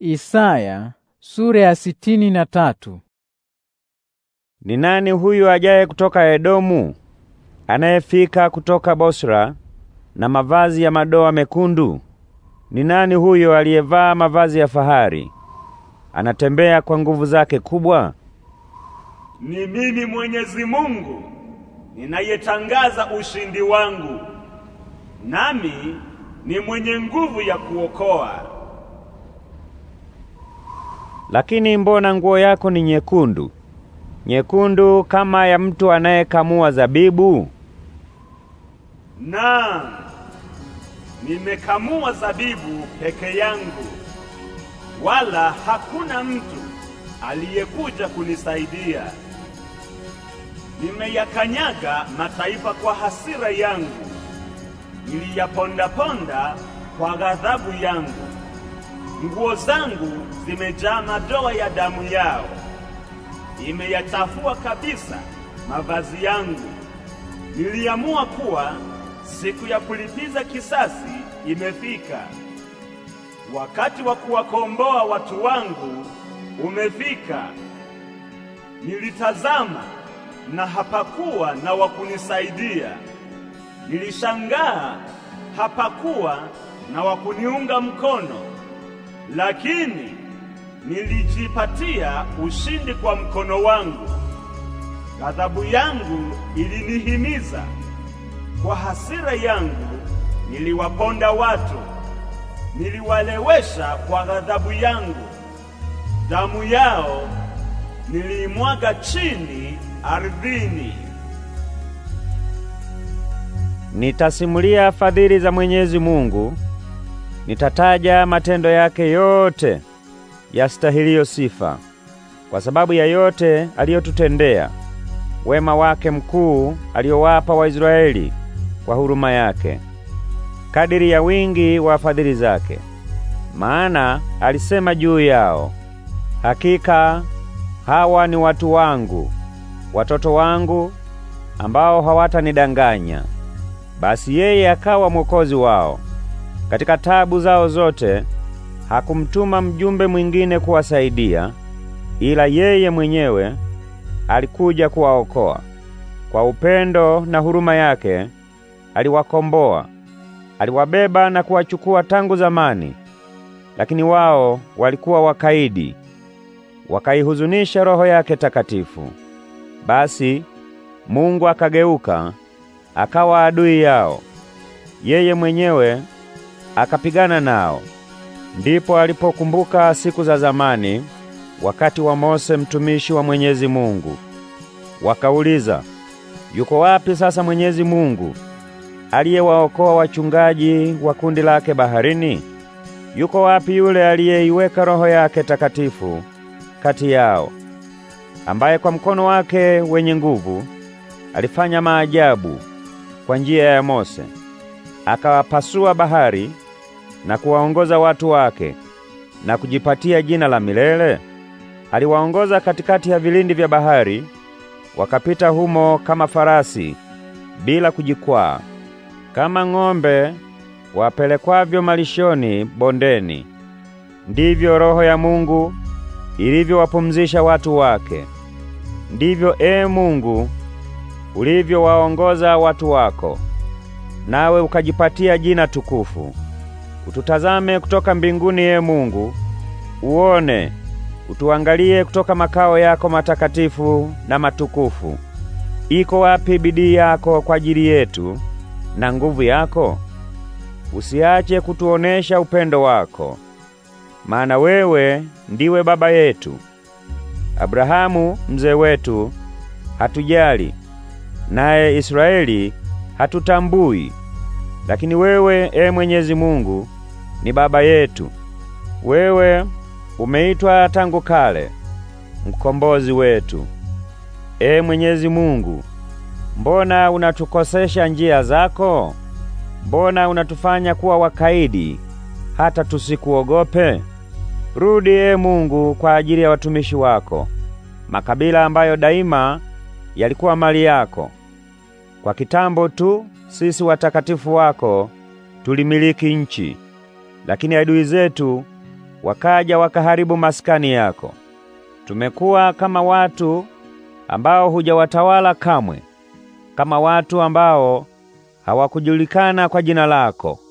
Isaya sura ya sitini na tatu. Ni nani huyu ajaye kutoka Edomu anayefika kutoka Bosra na mavazi ya madoa mekundu? Ni nani huyo aliyevaa mavazi ya fahari? Anatembea kwa nguvu zake kubwa? Ni mimi Mwenyezi Mungu ninayetangaza ushindi wangu. Nami ni mwenye nguvu ya kuokoa. Lakini mbona nguo yako ni nyekundu nyekundu kama ya mtu anayekamua zabibu? Na nimekamua zabibu peke yangu, wala hakuna mtu aliyekuja kunisaidia. Nimeyakanyaga mataifa kwa hasira yangu, niliyaponda-ponda kwa ghadhabu yangu. Nguo zangu zimejaa madoa ya damu yao, imeyachafua kabisa mavazi yangu. Niliamua kuwa siku ya kulipiza kisasi imefika, wakati wa kuwakomboa watu wangu umefika. Nilitazama na hapakuwa na wa kunisaidia, nilishangaa hapakuwa na wa kuniunga mkono lakini nilijipatia ushindi kwa mkono wangu. Ghadhabu yangu ilinihimiza, kwa hasira yangu niliwaponda watu, niliwalewesha kwa ghadhabu yangu. Damu yao niliimwaga chini ardhini. Nitasimulia fadhili za Mwenyezi Mungu Nitataja matendo yake yote yastahiliyo sifa, kwa sababu ya yote aliyotutendea, wema wake mkuu aliyowapa Waisraeli kwa huruma yake, kadiri ya wingi wa fadhili zake. Maana alisema juu yao, hakika hawa ni watu wangu, watoto wangu ambao hawatanidanganya. Basi yeye akawa mwokozi wao. Katika tabu zao zote hakumtuma mjumbe mwingine kuwasaidia, ila yeye mwenyewe alikuja kuwaokoa. Kwa upendo na huruma yake aliwakomboa, aliwabeba na kuwachukua tangu zamani, lakini wao walikuwa wakaidi, wakaihuzunisha roho yake takatifu. Basi Mungu akageuka akawa adui yao, yeye mwenyewe akapigana nao. Ndipo alipokumbuka siku za zamani, wakati wa Mose mtumishi wa Mwenyezi Mungu. Wakauliza, yuko wapi sasa Mwenyezi Mungu aliyewaokoa wachungaji wa kundi lake baharini? Yuko wapi yule aliyeiweka roho yake takatifu kati yao, ambaye kwa mkono wake wenye nguvu alifanya maajabu kwa njia ya Mose? akawapasua bahari na kuwaongoza watu wake na kujipatia jina la milele. Aliwaongoza katikati ya vilindi vya bahari, wakapita humo kama farasi bila kujikwaa, kama ng'ombe wapelekwavyo malishoni bondeni. Ndivyo roho ya Mungu ilivyowapumzisha watu wake. Ndivyo, ee Mungu, ulivyowaongoza watu wako nawe ukajipatia jina tukufu. Ututazame kutoka mbinguni, ye ee Mungu, uone, utuangalie kutoka makao yako matakatifu na matukufu. Iko wapi bidii yako kwa ajili yetu na nguvu yako? Usiache kutuonesha upendo wako, maana wewe ndiwe baba yetu. Abrahamu mzee wetu hatujali, naye Israeli hatutambui. Lakini wewe, e Mwenyezi Mungu, ni baba yetu. Wewe umeitwa tangu kale mkombozi wetu. E Mwenyezi Mungu, mbona unatukosesha njia zako? Mbona unatufanya kuwa wakaidi hata tusikuogope? Rudi e Mungu kwa ajili ya watumishi wako, makabila ambayo daima yalikuwa mali yako. Kwa kitambo tu sisi watakatifu wako tulimiliki nchi, lakini adui zetu wakaja wakaharibu maskani yako. Tumekuwa kama watu ambao hujawatawala kamwe, kama watu ambao hawakujulikana kwa jina lako.